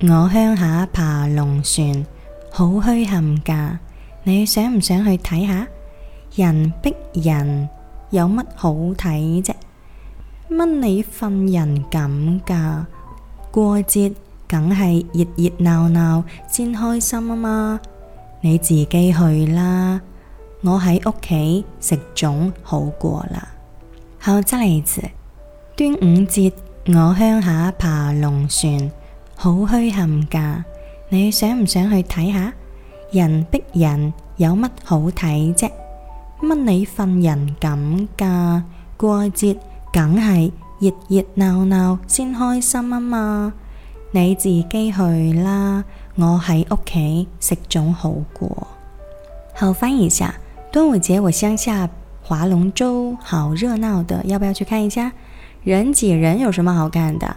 我鄉下扒龍船好墟冚噶，你想唔想去睇下？人逼人，有乜好睇啫？乜你份人咁噶？過節梗係熱熱鬧鬧先開心啊嘛！你自己去啦，我喺屋企食粽好過啦。好，再嚟一次，端午節我鄉下扒龍船。好墟冚噶，你想唔想去睇下？人逼人，有乜好睇啫？乜你份人咁噶？過節梗係熱熱鬧鬧先開心啊嘛！你自己去啦，我喺屋企食粽好過。後翻譯一下，端午節我鄉下划龍舟，好熱鬧的，要不要去看一下？人擠人，有什麼好看的？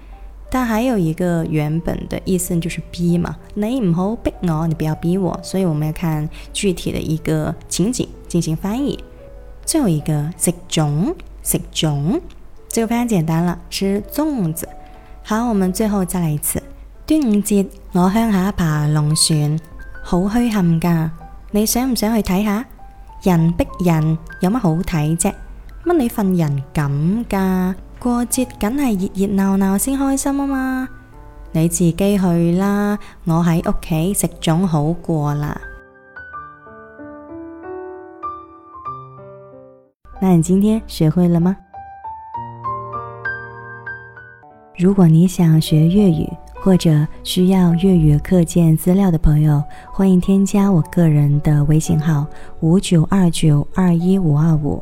但還有一個原本的意思就是“逼”嘛，你唔好逼我，你不要逼我。所以我們要看具體的一個情景進行翻譯。最後一個“食粽”，食粽，這個非常簡單了，吃粽子。好，我們最後再來一次。端午節，我鄉下扒龍船，好墟陷墟冚噶，你想唔想去睇下？人逼人，有乜好睇啫？乜你份人咁噶？過節梗係熱熱鬧鬧先開心啊嘛！你自己去啦，我喺屋企食粽好過啦。那你今天學會了嗎？如果你想學粵語或者需要粵語課件資料的朋友，歡迎添加我個人的微信號五九二九二一五二五。